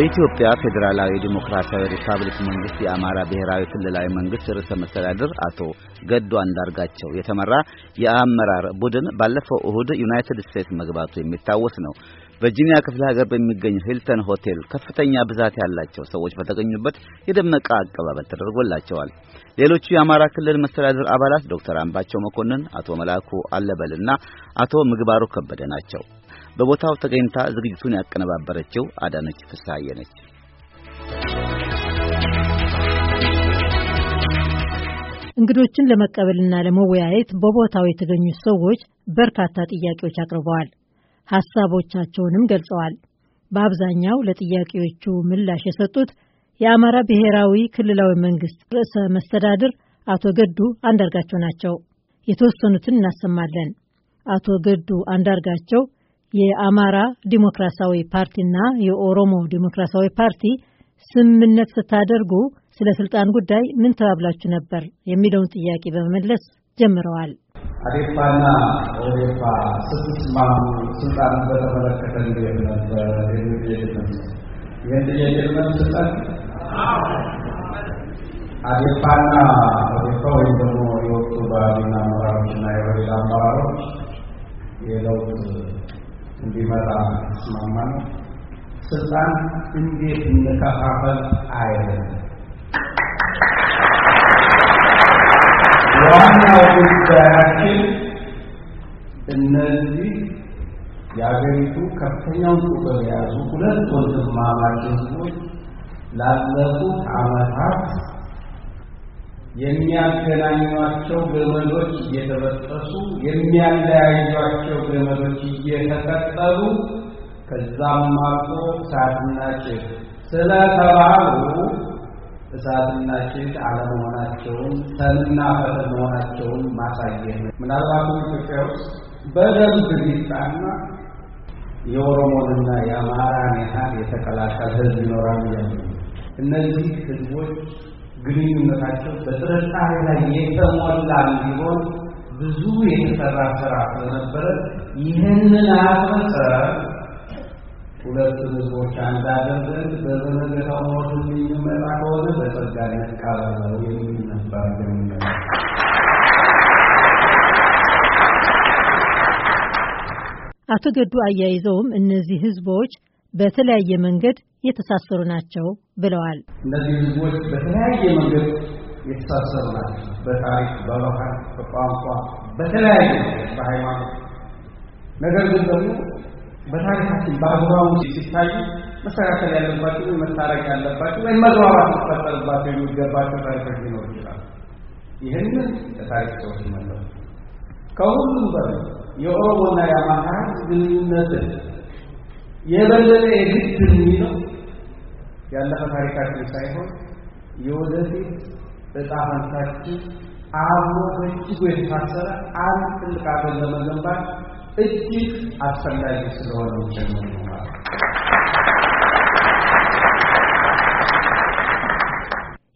በኢትዮጵያ ፌዴራላዊ ዲሞክራሲያዊ ሪፐብሊክ መንግስት የአማራ ብሔራዊ ክልላዊ መንግስት ርዕሰ መስተዳድር አቶ ገዱ አንዳርጋቸው የተመራ የአመራር ቡድን ባለፈው እሁድ ዩናይትድ ስቴትስ መግባቱ የሚታወስ ነው። ቨርጂኒያ ክፍለ ሀገር በሚገኝ ሂልተን ሆቴል ከፍተኛ ብዛት ያላቸው ሰዎች በተገኙበት የደመቀ አቀባበል ተደርጎላቸዋል። ሌሎቹ የአማራ ክልል መስተዳድር አባላት ዶክተር አምባቸው መኮንን፣ አቶ መላኩ አለበልና አቶ ምግባሩ ከበደ ናቸው። በቦታው ተገኝታ ዝግጅቱን ያቀነባበረችው አዳነች ፍስሐዬ ነች። እንግዶችን ለመቀበልና ለመወያየት በቦታው የተገኙት ሰዎች በርካታ ጥያቄዎች አቅርበዋል። ሀሳቦቻቸውንም ገልጸዋል። በአብዛኛው ለጥያቄዎቹ ምላሽ የሰጡት የአማራ ብሔራዊ ክልላዊ መንግስት ርዕሰ መስተዳድር አቶ ገዱ አንዳርጋቸው ናቸው። የተወሰኑትን እናሰማለን። አቶ ገዱ አንዳርጋቸው የአማራ ዲሞክራሲያዊ ፓርቲና የኦሮሞ ዲሞክራሲያዊ ፓርቲ ስምምነት ስታደርጉ ስለ ስልጣን ጉዳይ ምን ተባብላችሁ ነበር የሚለውን ጥያቄ በመመለስ ጀምረዋል። አዴፓና ኦዴፓ ስትስማሙ ስልጣን በተመለከተ እንዴት ነበር ይህን ጥያቄ መልስ አዴፓና ኦዴፓ እንዲመራ ተስማማን። ስልጣን እንዴት እንከፋፈል አይደለም ዋናው ጉዳያችን። እነዚህ የአገሪቱ ከፍተኛውን ቁጥር የያዙ ሁለት ወንድማማች ህዝቦች ላለፉት ዓመታት የሚያገናኟቸው ገመዶች እየተበጠሱ የሚያለያዩቸው ገመዶች እየተቀጠሉ ከዛም አልፎ እሳትና ጭድ ስለተባሉ እሳትና ጭድ አለመሆናቸውን ሰንና ፈተን መሆናቸውን ማሳየት ነው። ምናልባትም ኢትዮጵያ ውስጥ በደንብ ቢጣና የኦሮሞንና የአማራን ያህል የተቀላቀለ ህዝብ ይኖራል እያሉ እነዚህ ህዝቦች ግንኙነታቸው በጥርጣሬ ላይ የተሞላ እንዲሆን ብዙ የተሰራ ስራ ስለነበረ ይህንን አፈሰ ሁለቱን ህዝቦች አንድ አድርገን በዘመገታው ሞት የሚመጣ ከሆነ በጸጋኔ ቃለው የሚል ነበር ገምገ አቶ ገዱ አያይዘውም እነዚህ ህዝቦች በተለያየ መንገድ የተሳሰሩ ናቸው ብለዋል። እነዚህ ህዝቦች በተለያየ መንገድ የተሳሰሩ ናቸው። በታሪክ፣ በባህል፣ በቋንቋ፣ በተለያየ በሃይማኖት ነገር ግን ደግሞ በታሪካችን በአግባቡ ሲታዩ መስተካከል ያለባቸው መታረቅ ያለባቸው ወይም መግባባት ሊፈጠርባቸው የሚገባቸው ታሪኮች ሊኖር ይችላል። ይህንን ለታሪክ ሰዎች መለው ከሁሉም በ የኦሮሞና የአማራ ግንኙነትን የበለጠ የግድ የሚለው ያለፈ ታሪካችን ሳይሆን የወደፊት እጣ ፈንታችን አብሮ በእጅጉ የተሳሰረ አንድ ትልቅ አገር ለመገንባት እጅግ አስፈላጊ ስለሆነ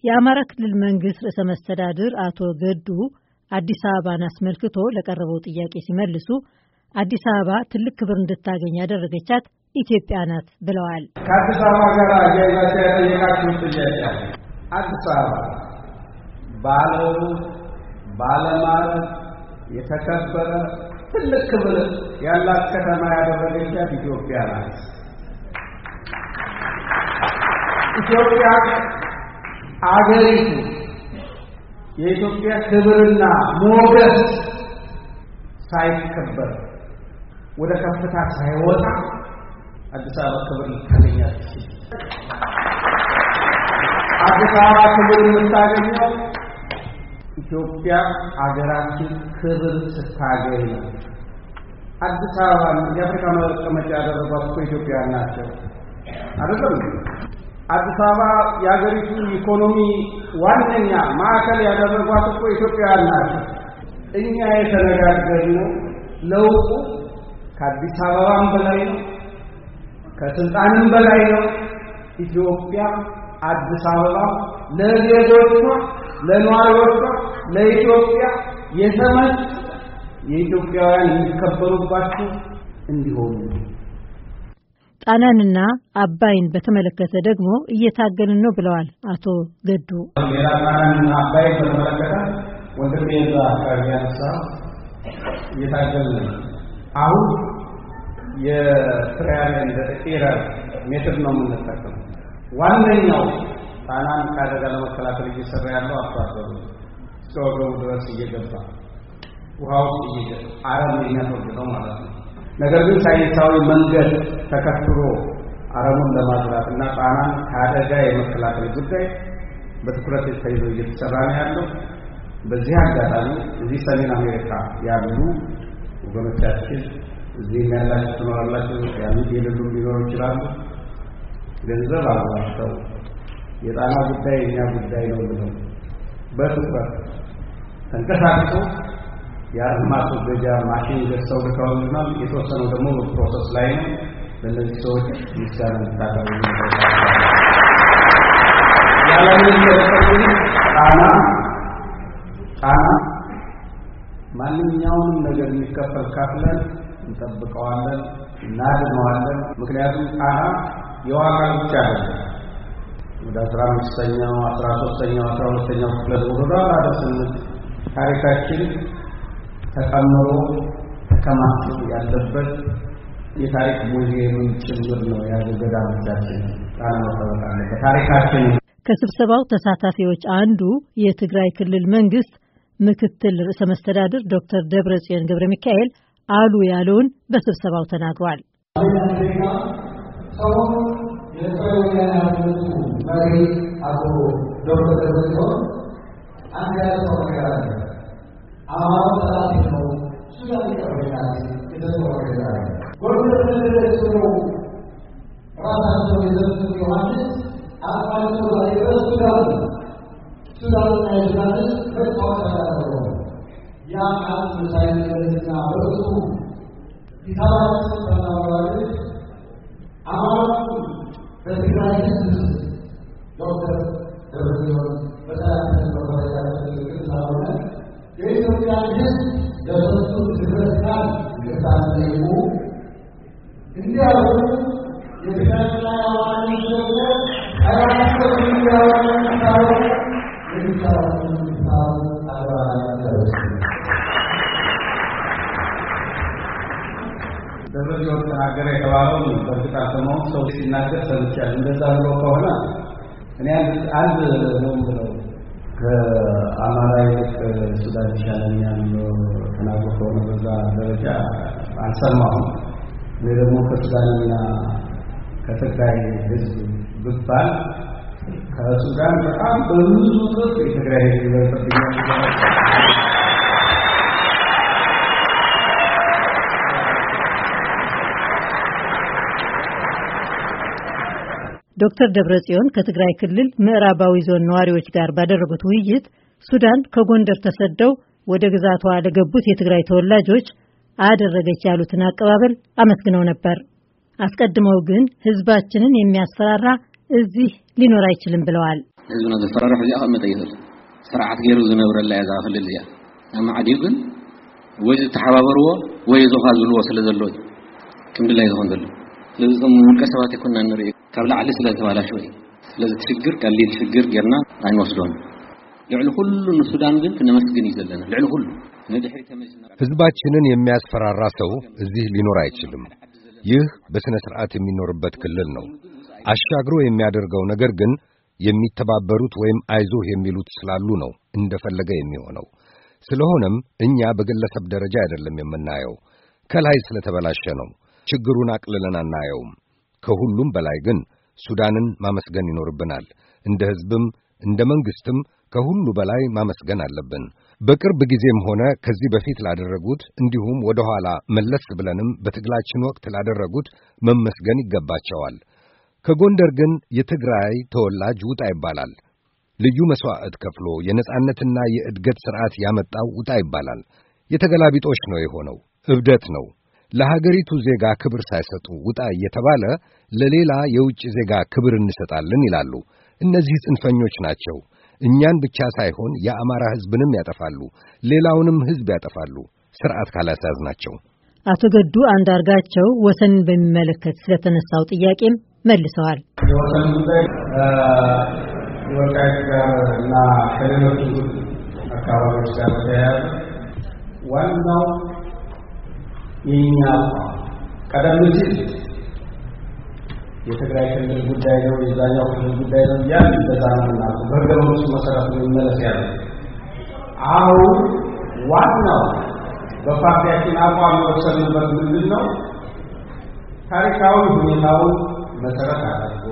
የአማራ ክልል መንግስት ርዕሰ መስተዳድር አቶ ገዱ አዲስ አበባን አስመልክቶ ለቀረበው ጥያቄ ሲመልሱ አዲስ አበባ ትልቅ ክብር እንድታገኝ ያደረገቻት ኢትዮጵያ ናት ብለዋል። ከአዲስ አበባ ጋር አያይዛቸው ያጠየቃችሁት ጥያቄ አዲስ አበባ ባለውብ ባለማር የተከበረ ትልቅ ክብር ያላት ከተማ ያደረገቻት ኢትዮጵያ ናት። ኢትዮጵያ አገሪቱ የኢትዮጵያ ክብርና ሞገስ ሳይከበር ወደ ከፍታ ሳይወጣ አዲስ አበባ ክብር ልታገኛት አዲስ አበባ ክብር የምታገኘው ኢትዮጵያ ሀገራችን ክብር ስታገኝ ነው። አዲስ አበባ የአፍሪካ መቀመጫ ያደረጓት እኮ ኢትዮጵያውያን ናቸው አይደለም? አዲስ አበባ የሀገሪቱ ኢኮኖሚ ዋነኛ ማዕከል ያደረጓት እኮ ኢትዮጵያውያን ናቸው። እኛ የተነጋገርነው ለውጡ ከአዲስ አበባም በላይ ነው። ከስልጣንም በላይ ነው። ኢትዮጵያ አዲስ አበባ ለዜጎቿ፣ ለነዋሪዎቿ፣ ለኢትዮጵያ የተመች የኢትዮጵያውያን የሚከበሩባቸው እንዲሆኑ ጣናንና አባይን በተመለከተ ደግሞ እየታገልን ነው ብለዋል አቶ ገዱ። ሌላ ጣናንና አባይን በተመለከተ ወንድሜ እዛ አካባቢ ያነሳ እየታገልን ነው አሁን የፍራያን ኤራ ሜትር ነው የምንጠቀመው። ዋነኛው ጣናን ከአደጋ ለመከላከል እየሰራ ያለው አርሶ እስከ ወገቡ ድረስ እየገባ ውሃ ውስጥ እየገባ አረም የሚያስወግደው ማለት ነው። ነገር ግን ሳይንሳዊ መንገድ ተከትሎ አረሙን ለማዝራት እና ጣናን ከአደጋ የመከላከል ጉዳይ በትኩረት ተይዞ እየተሰራ ነው ያለው። በዚህ አጋጣሚ እዚህ ሰሜን አሜሪካ ያሉ ወገኖቻችን እዚህ ያላችሁ ትኖራላችሁ፣ ያሉት የሌሉ ሊኖሩ ይችላሉ። ገንዘብ አዋሽተው የጣና ጉዳይ የእኛ ጉዳይ ነው ብለው በትኩረት ተንቀሳቅሶ የማስወገጃ ማሽን ገዝተው ልከውልናል። የተወሰነው ደግሞ በፕሮሰስ ላይ ነው። በእነዚህ ሰዎች ምስጋና እንድታቀርቡ ያለምን ጣና ጣና ማንኛውንም ነገር የሚከፈል ካፍለን እንጠብቀዋለን፣ እናድነዋለን። ምክንያቱም ጣና የዋጋ ብቻ ነው። ወደ አስራ አምስተኛው አስራ ሶስተኛው አስራ ሁለተኛው ክፍለ ዘመን ስንት ታሪካችን ተቀምሮ ተከማች ያለበት የታሪክ ሙዚየምን ጭምር ነው ያሉ ገዳሞቻችን ጣና መጠበቅ አለበት። ከስብሰባው ተሳታፊዎች አንዱ የትግራይ ክልል መንግስት ምክትል ርዕሰ መስተዳድር ዶክተር ደብረ ጽዮን ገብረ ሚካኤል አሉ ያለውን በስብሰባው ተናግሯል። ራሳቸው Behold በእርግጥ አልሰማሁም። ሰው ሲናገር ሰምቻለሁ። እንደዛ ብሎ ከሆነ እኔ አንድ ነው ብለው ከአማራ ይልቅ ሱዳን ይሻለኛል ተናግሮ ከሆነ በዛ ደረጃ አልሰማሁም። እኔ ደግሞ ከሱዳንና ከትግራይ ህዝብ ብባል ከሱዳን በጣም በብዙ ጥፍ የትግራይ ህዝብ ይበልጥብኛል። ዶክተር ደብረጽዮን ከትግራይ ክልል ምዕራባዊ ዞን ነዋሪዎች ጋር ባደረጉት ውይይት ሱዳን ከጎንደር ተሰደው ወደ ግዛቷ ለገቡት የትግራይ ተወላጆች አደረገች ያሉትን አቀባበል አመስግነው ነበር። አስቀድመው ግን ህዝባችንን የሚያስፈራራ እዚህ ሊኖር አይችልም ብለዋል። ህዝብና ዘፈራርሑ እዚኣ ከመጠ ይኽእል ስርዓት ገይሩ ዝነብረላ እያ እዛ ክልል እዚኣ ኣብ ግን ወይ ዝተሓባበርዎ ወይ ዞኻ ዝብልዎ ስለ ዘለዎ ክምድላይ ዝኾን ዘሎ ልብፅም ውልቀ ሰባት ይኮና ንሪኦ ካብ ላዕሊ ስለተባላሸው እዩ ስለዚ ትሽግር ቀሊል ሽግር ጌርና ኣይንወስዶን ልዕሊ ሁሉ ንሱዳን ግን ክነመስግን እዩ ዘለና ልዕሊ ሁሉ ህዝባችንን የሚያስፈራራ ሰው እዚህ ሊኖር አይችልም። ይህ በሥነ ሥርዓት የሚኖርበት ክልል ነው። አሻግሮ የሚያደርገው ነገር ግን የሚተባበሩት ወይም አይዞህ የሚሉት ስላሉ ነው እንደፈለገ የሚሆነው። ስለሆነም እኛ በግለሰብ ደረጃ አይደለም የምናየው፣ ከላይ ስለተበላሸ ነው። ችግሩን አቅልለን አናየውም። ከሁሉም በላይ ግን ሱዳንን ማመስገን ይኖርብናል። እንደ ሕዝብም እንደ መንግሥትም ከሁሉ በላይ ማመስገን አለብን። በቅርብ ጊዜም ሆነ ከዚህ በፊት ላደረጉት እንዲሁም ወደ ኋላ መለስ ብለንም በትግላችን ወቅት ላደረጉት መመስገን ይገባቸዋል። ከጎንደር ግን የትግራይ ተወላጅ ውጣ ይባላል። ልዩ መሥዋዕት ከፍሎ የነጻነትና የእድገት ሥርዓት ያመጣው ውጣ ይባላል። የተገላቢጦሽ ነው የሆነው፣ እብደት ነው። ለሀገሪቱ ዜጋ ክብር ሳይሰጡ ውጣ እየተባለ ለሌላ የውጭ ዜጋ ክብር እንሰጣለን ይላሉ። እነዚህ ጽንፈኞች ናቸው። እኛን ብቻ ሳይሆን የአማራ ሕዝብንም ያጠፋሉ፣ ሌላውንም ሕዝብ ያጠፋሉ ስርዓት ናቸው። አቶ ገዱ አንዳርጋቸው ወሰንን በሚመለከት ስለተነሳው ጥያቄም መልሰዋል። የወሰን ወልቃይት ጋር እና ከሌሎቹ አካባቢዎች ጋር ተያያዘ ዋናው የኛ ቀደም ሲል የትግራይ ክልል ጉዳይ ነው የዛኛው ክልል ጉዳይ ነው እያል በዛ ነው በህገ መንግስቱ መሰረት የሚመለስ ያለ አሁን ዋናው በፓርቲያችን አቋም የወሰንበት ምንድን ነው ታሪካዊ ሁኔታውን መሰረት አድርጎ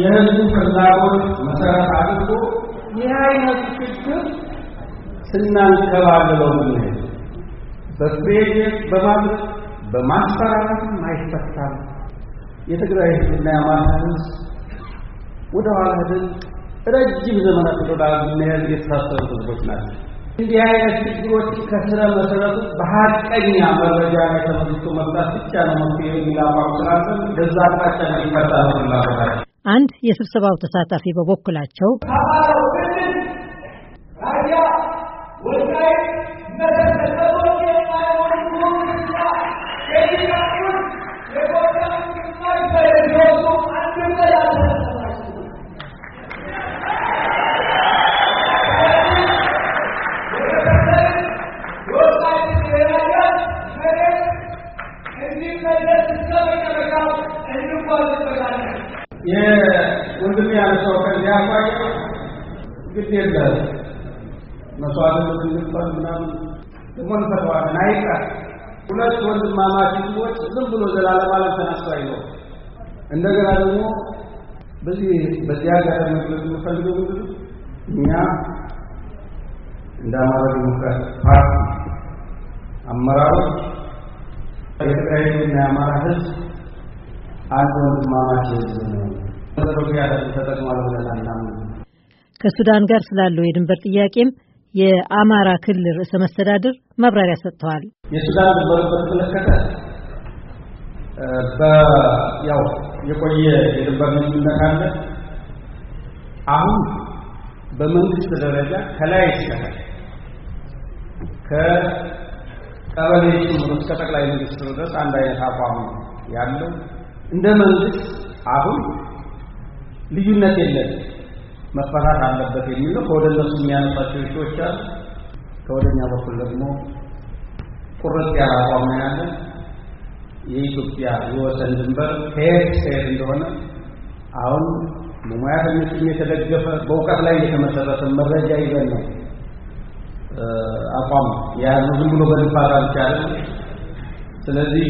የህዝቡ ፍላጎት መሰረት ስናንከባለለው ምንሄድ በማድረግ በማስፈራራት አይፈታም። የትግራይ ህዝብና የአማራ ህዝብ ወደ ኋላ ሄደን ረጅም ዘመናት ወደ የተሳሰሩ ህዝቦች ናቸው። እንዲህ አይነት ችግሮች ከስረ መሰረቱ በሀቀኛ መረጃ ላይ ተመስርቶ መፍታት ብቻ ነው መፍትሄ የሚል አቋም ስላለ በዛ አቅጣጫ ነው ነው አንድ የስብሰባው ተሳታፊ በበኩላቸው ዝም ብሎ ዘላለም ዓለም ተነስቶ አይለው። እንደገና ደግሞ በዚህ በዚህ ሀገር መግለጽ የምፈልገው ምንድን እኛ እንደ አማራ ዲሞክራሲ ፓርቲ አመራሮች የትግራይ እና የአማራ ህዝብ አንድ ወንድማማች ህዝብ ነው። ያለ ተጠቅሟል ብለን አናምን። ከሱዳን ጋር ስላለው የድንበር ጥያቄም የአማራ ክልል ርዕሰ መስተዳድር ማብራሪያ ሰጥተዋል። የሱዳን ድንበር በተመለከተ በያው የቆየ የድንበር ልዩነት አለ። አሁን በመንግስት ደረጃ ከላይ ይሰራል ከቀበሌ ጀምሮ እስከ ጠቅላይ ሚኒስትሩ ድረስ አንድ አይነት አቋም ያለው እንደ መንግስት አሁን ልዩነት የለም መፈታት አለበት የሚለው ከወደ እነሱ የሚያነሳቸው እሾች አሉ። ከወደኛ በኩል ደግሞ ቁርጥ ያለ አቋም ያለን የኢትዮጵያ የወሰን ድንበር ከየት ከየት እንደሆነ አሁን በሙያተኞችም የተደገፈ በእውቀት ላይ የተመሰረተ መረጃ ይዘን ነው አቋም የያዙ ዝም ብሎ በድንባር አልቻለም። ስለዚህ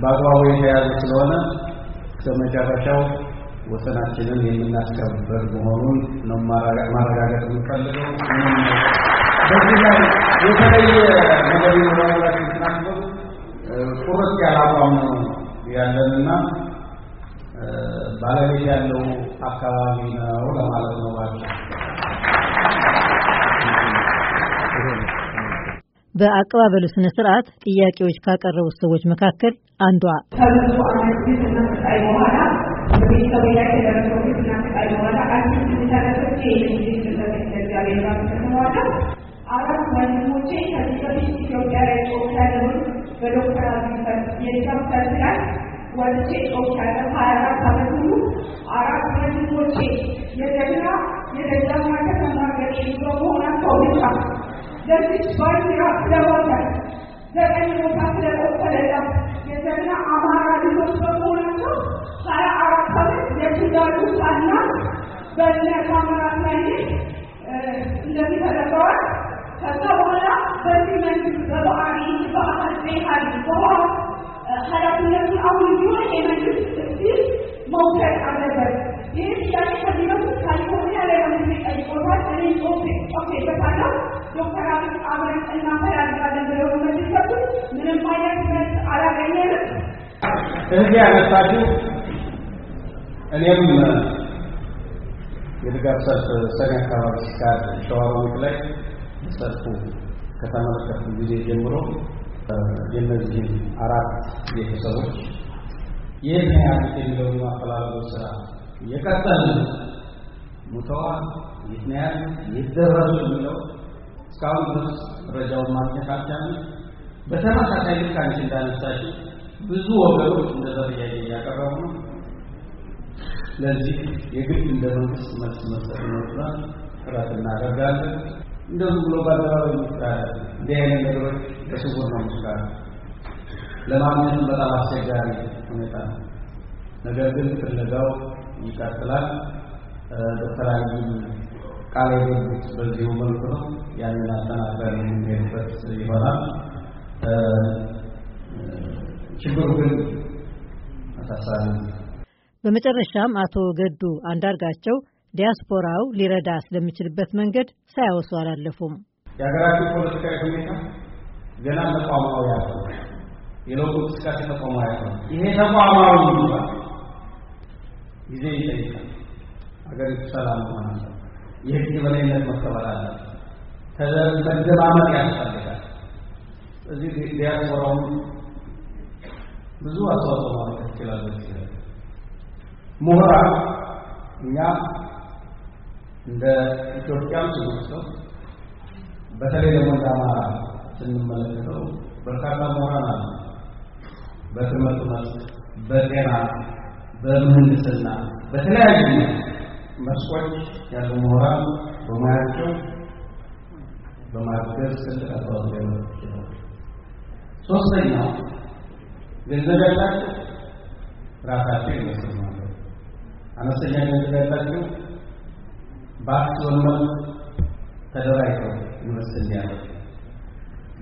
በአግባቡ የተያዙ ስለሆነ ከመጨረሻው ወሰናችንን የምናስከብር መሆኑን ነው ማረጋገጥ የምንፈልገው። በዚህ ላይ የተለየ ነገር ይኖራል ቁርጥ ያለ አቋም ነው ያለንና ባለቤት ያለው አካባቢ ነው ለማለት ነው ባቸው በአቀባበሉ ስነ ስርዓት ጥያቄዎች ካቀረቡት ሰዎች መካከል አንዷ ከብዙ አመት አራት ወንድሞቼ ከዚህ በፊት ወልጄ ጦቻለሁ። ሀያ አራት አመት ሙሉ አራት ወንድሞቼ የደብና የደጃማተ ተማሪዎች በመሆናቸው ብቻ ለዚች ባንዲራ ስለሞተን ዘጠኝ ቦታ ስለቆሰለላት የጀግና አማራ ልጆች በመሆናቸው ሀያ አራት አመት የሱዳኑ ህጻናት በእነ ታምራት ናይኔ እንደዚህ ተደርገዋል። ከዛ በኋላ በዚህ መንግስት በባህሪ ባህል ቤሃሊ በኋላ ኃላፊነት አሁን ቢሆን የመንግስት እድል መውሰድ አለበት። ይህ ጥያቄ ከዚህ ካሊፎርኒያ ላይ መንግስት ጠይቆታል። እኔ ጮፌበታለሁ። ዶክተር አብይ አብረን እናፈላልጋለን ብለው መመልሰቱ ምንም አይነት መልስ አላገኘንም። እዚህ ያነሳችሁ እኔም የድጋፍ ሰልፍ ሰኔ አካባቢ ሲካሄድ ሸዋሮቢት ላይ ሰልፉ ከተመለከቱ ጊዜ ጀምሮ የእነዚህም አራት ቤተሰቦች የት ነው የሚለውን ማፈላለጉ ስራ የቀጠል ሙተዋል፣ የት ነው ያሉት፣ የት ደረሱ የሚለው እስካሁን ድረስ መረጃውን ማግኘት አልቻለም። በተመሳሳይ ልክ አንቺ እንዳነሳችው ብዙ ወገኖች እንደዛ ጥያቄ እያቀረቡ ነው። ለዚህ የግድ እንደ መንግስት መልስ መስጠት ይኖርብናል። ጥረት እናደርጋለን። እንደዚህ ብሎ ባደረገው ይመስላል። እንዲህ አይነት ነገሮች በስውር ነው ይችላል ለማግኘቱ በጣም አስቸጋሪ ሁኔታ ነው። ነገር ግን ፍለጋው ይቀጥላል። በተለያዩ ቃል የገቡት በዚሁ መልኩ ነው። ያንን አጠናክረን የምንሄድበት ይሆናል። ችግሩ ግን አሳሳቢ። በመጨረሻም አቶ ገዱ አንዳርጋቸው ዲያስፖራው ሊረዳ ስለሚችልበት መንገድ ሳያወሱ አላለፉም። የሀገራችን ፖለቲካዊ ሁኔታ ገና ተቋማዊ ያለ የለውጡ እንቅስቃሴ ተቋማዊ ያለ ይሄ ተቋማዊ ይባል ጊዜ ይጠይቃል። ሀገሪቱ ሰላም ማለት ነው። የህግ የበላይነት መከበር አለ። መደማመጥ ያስፈልጋል። እዚህ ዲያስፖራውን ብዙ አስተዋጽኦ ማለት ይችላል። ምሁራን እኛ እንደ ኢትዮጵያም ስንወስደው በተለይ ደግሞ እንደ አማራ ስንመለከተው በርካታ ምሁራን አሉ። በትምህርት መስክ፣ በጤና፣ በምህንድስና በተለያዩ መስኮች ያሉ ምሁራን በሙያቸው በማገዝ ትልቅ አስተዋጽኦ ሊያደርጉ ይችላሉ። ሶስተኛው ገንዘብ ያላቸው ራሳቸው ይመስል ማለት አነስተኛ ገንዘብ ያላቸው በአክሲዮን መልክ ተደራጅተው ኢንቨስት እንዲያደርጉ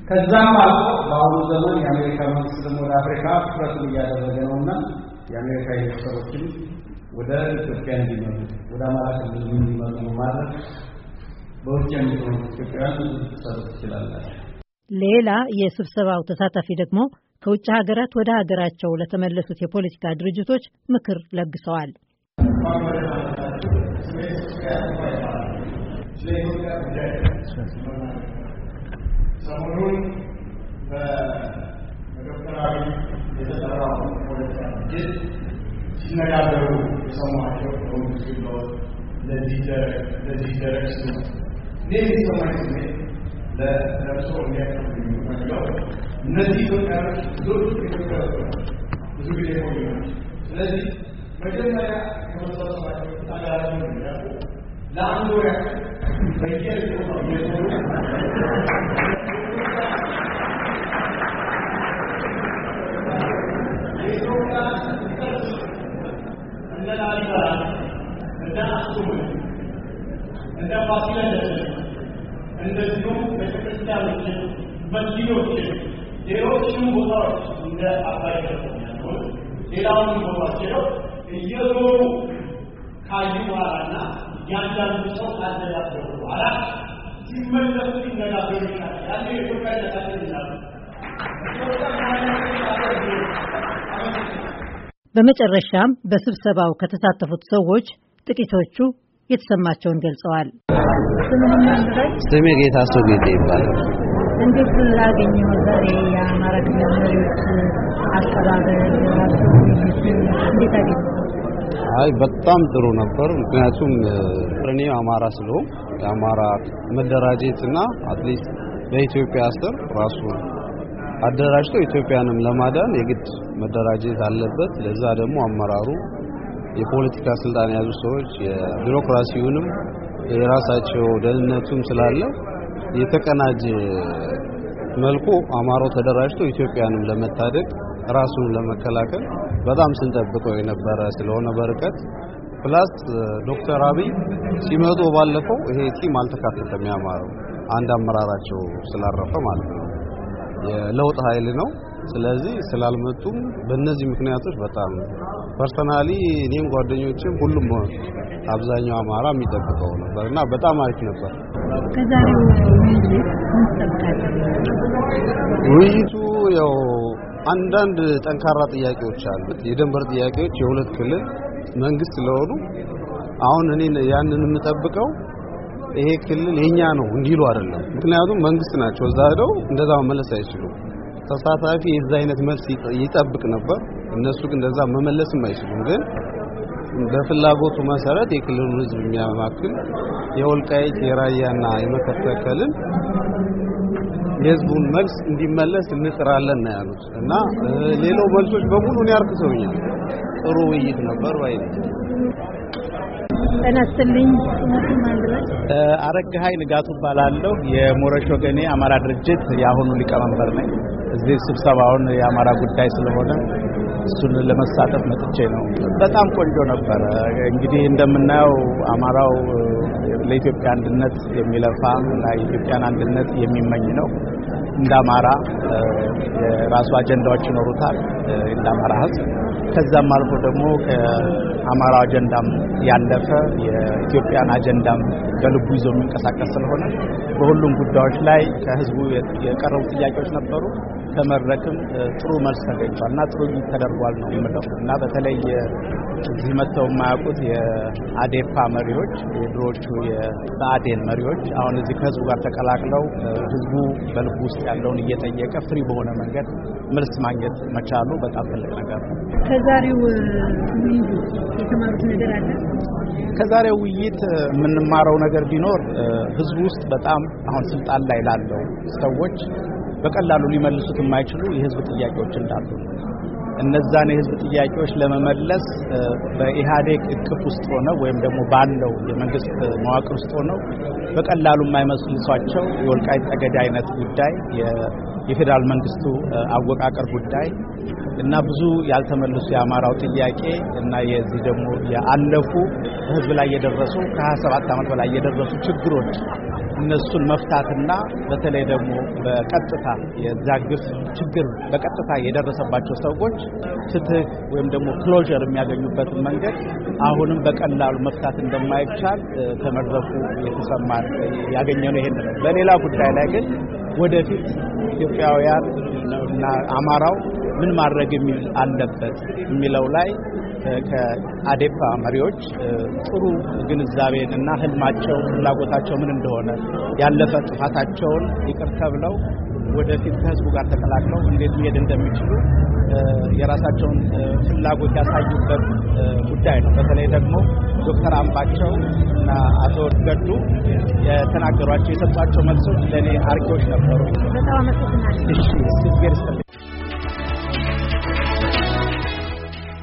ከዛም አልፎ በአሁኑ ዘመን የአሜሪካ መንግስት ደግሞ ወደ አፍሪካ ትኩረቱን እያደረገ ነውና የአሜሪካ ኢንቨስተሮችን ወደ ኢትዮጵያ እንዲመጡ ወደ አማራ ክልል እንዲመጡ ማድረግ በውጭ የሚኖሩ ኢትዮጵያውያን ብዙ ሰሩ ትችላላቸው። ሌላ የስብሰባው ተሳታፊ ደግሞ ከውጭ ሀገራት ወደ ሀገራቸው ለተመለሱት የፖለቲካ ድርጅቶች ምክር ለግሰዋል። ለኢትዮጵያ ጉዳይ ሰሞኑን በዶክተር አብይ የተጠራው ፖለቲካ ድርጅት ሲነጋገሩ የሰማቸው ሆኑስ ግሎት ለዚህ ደረግ ለዚህ ደረግ ስ እኔ የሚሰማኝ ስሜት ለእርሶ እንዲያቀርብኝ ፈልገው እነዚህ ኢትዮጵያኖች ብዙዎቹ ኢትዮጵያ ብዙ ጊዜ ቆዩ ናቸው። ስለዚህ መጀመሪያ ከመሰባሰባቸው ሀገራቸውን እንዲያውቁ ለአንድ ወር ያክል ప్రత్యేక በመጨረሻም በስብሰባው ከተሳተፉት ሰዎች ጥቂቶቹ የተሰማቸውን ገልጸዋል። ስሜ ጌታ ሰው ጌታ ይባላል። እንዴት ላገኘው ዛሬ የአማራ ክልል መሪዎች አይ በጣም ጥሩ ነበር። ምክንያቱም እኔ አማራ ስለሆንኩ የአማራ መደራጀት እና አትሊስት በኢትዮጵያ ስር ራሱ አደራጅቶ ኢትዮጵያንም ለማዳን የግድ መደራጀት አለበት። ለዛ ደግሞ አመራሩ የፖለቲካ ስልጣን የያዙ ሰዎች የቢሮክራሲውንም የራሳቸው ደህንነቱም ስላለ የተቀናጀ መልኩ አማራው ተደራጅቶ ኢትዮጵያንም ለመታደግ ራሱን ለመከላከል በጣም ስንጠብቀው የነበረ ስለሆነ በርቀት ፕላስ ዶክተር አብይ ሲመጡ ባለፈው ይሄ ቲም አልተካተተም። ያማረው አንድ አመራራቸው ስላረፈ ማለት ነው። የለውጥ ኃይል ነው። ስለዚህ ስላልመጡም በእነዚህ ምክንያቶች በጣም ፐርሰናሊ እኔም ጓደኞችም ሁሉም አብዛኛው አማራ የሚጠብቀው ነበር እና በጣም አሪፍ ነበር። ውይይቱ ያው አንዳንድ ጠንካራ ጥያቄዎች አሉ። የድንበር ጥያቄዎች የሁለት ክልል መንግስት ስለሆኑ አሁን እኔ ያንን የምጠብቀው ይሄ ክልል የኛ ነው እንዲሉ አይደለም። ምክንያቱም መንግስት ናቸው እዛ ሄደው እንደዛ መመለስ አይችሉም። ተሳታፊ የዛ አይነት መልስ ይጠብቅ ነበር። እነሱ ግን እንደዛ መመለስም አይችሉም። ግን በፍላጎቱ መሰረት የክልሉን ህዝብ የሚያማክል የወልቃይት የራያና የመተከልን የህዝቡን መልስ እንዲመለስ እንጥራለን ነው ያሉት እና ሌላው መልሶች በሙሉ ነው ያርክሰውኛል። ጥሩ ውይይት ነበር ባይ ነው። ተነስተልኝ አረጋሀይ ንጋቱ እባላለሁ። የሞረሽ ወገኔ አማራ ድርጅት የአሁኑ ሊቀመንበር ነኝ። እዚህ ስብሰባውን የአማራ ጉዳይ ስለሆነ እሱን ለመሳተፍ መጥቼ ነው። በጣም ቆንጆ ነበረ። እንግዲህ እንደምናየው አማራው ለኢትዮጵያ አንድነት የሚለፋ እና የኢትዮጵያን አንድነት የሚመኝ ነው። እንደ አማራ የራሱ አጀንዳዎች ይኖሩታል እንደ አማራ ህዝብ። ከዛም አልፎ ደግሞ ከአማራው አጀንዳም ያለፈ የኢትዮጵያን አጀንዳም በልቡ ይዞ የሚንቀሳቀስ ስለሆነ በሁሉም ጉዳዮች ላይ ከህዝቡ የቀረቡ ጥያቄዎች ነበሩ። ከመድረክም ጥሩ መልስ ተገኝቷልና ጥሩ ተደርጓል ነው የምለው እና በተለይ እዚህ መጥተው የማያውቁት የአዴፓ መሪዎች የድሮቹ የብአዴን መሪዎች አሁን እዚህ ከህዝቡ ጋር ተቀላቅለው ህዝቡ በልቡ ውስጥ ያለውን እየጠየቀ አቀፍ ፍሪ በሆነ መንገድ መልስ ማግኘት መቻሉ በጣም ትልቅ ነገር ነው። ከዛሬው ውይይት የተማሩት ነገር አለ። ከዛሬው ውይይት የምንማረው ነገር ቢኖር ህዝቡ ውስጥ በጣም አሁን ስልጣን ላይ ላለው ሰዎች በቀላሉ ሊመልሱት የማይችሉ የህዝብ ጥያቄዎች እንዳሉ እነዛን የህዝብ ጥያቄዎች ለመመለስ በኢህአዴግ እቅፍ ውስጥ ሆነው ወይም ደግሞ ባለው የመንግስት መዋቅር ውስጥ ሆነው በቀላሉ የማይመስልሷቸው የወልቃይት ጠገዴ አይነት ጉዳይ፣ የፌዴራል መንግስቱ አወቃቀር ጉዳይ እና ብዙ ያልተመለሱ የአማራው ጥያቄ እና የዚህ ደግሞ ያለፉ ህዝብ ላይ የደረሱ ከ27 ዓመት በላይ የደረሱ ችግሮች እነሱን መፍታትና በተለይ ደግሞ በቀጥታ የዛ ግፍ ችግር በቀጥታ የደረሰባቸው ሰዎች ፍትህ ወይም ደግሞ ክሎዥር የሚያገኙበትን መንገድ አሁንም በቀላሉ መፍታት እንደማይቻል ከመድረኩ የተሰማ ነው። ይሄን ነው። በሌላ ጉዳይ ላይ ግን ወደፊት ኢትዮጵያውያን እና አማራው ምን ማድረግ አለበት የሚለው ላይ ከአዴፓ መሪዎች ጥሩ ግንዛቤን እና ህልማቸው፣ ፍላጎታቸው ምን እንደሆነ ያለፈ ጥፋታቸውን ይቅር ተብለው ወደፊት ከህዝቡ ጋር ተቀላቅለው እንዴት መሄድ እንደሚችሉ የራሳቸውን ፍላጎት ያሳዩበት ጉዳይ ነው። በተለይ ደግሞ ዶክተር አምባቸው እና አቶ ገዱ የተናገሯቸው የሰጧቸው መልሶች ለእኔ አርኪዎች ነበሩ። እሺ ስቤር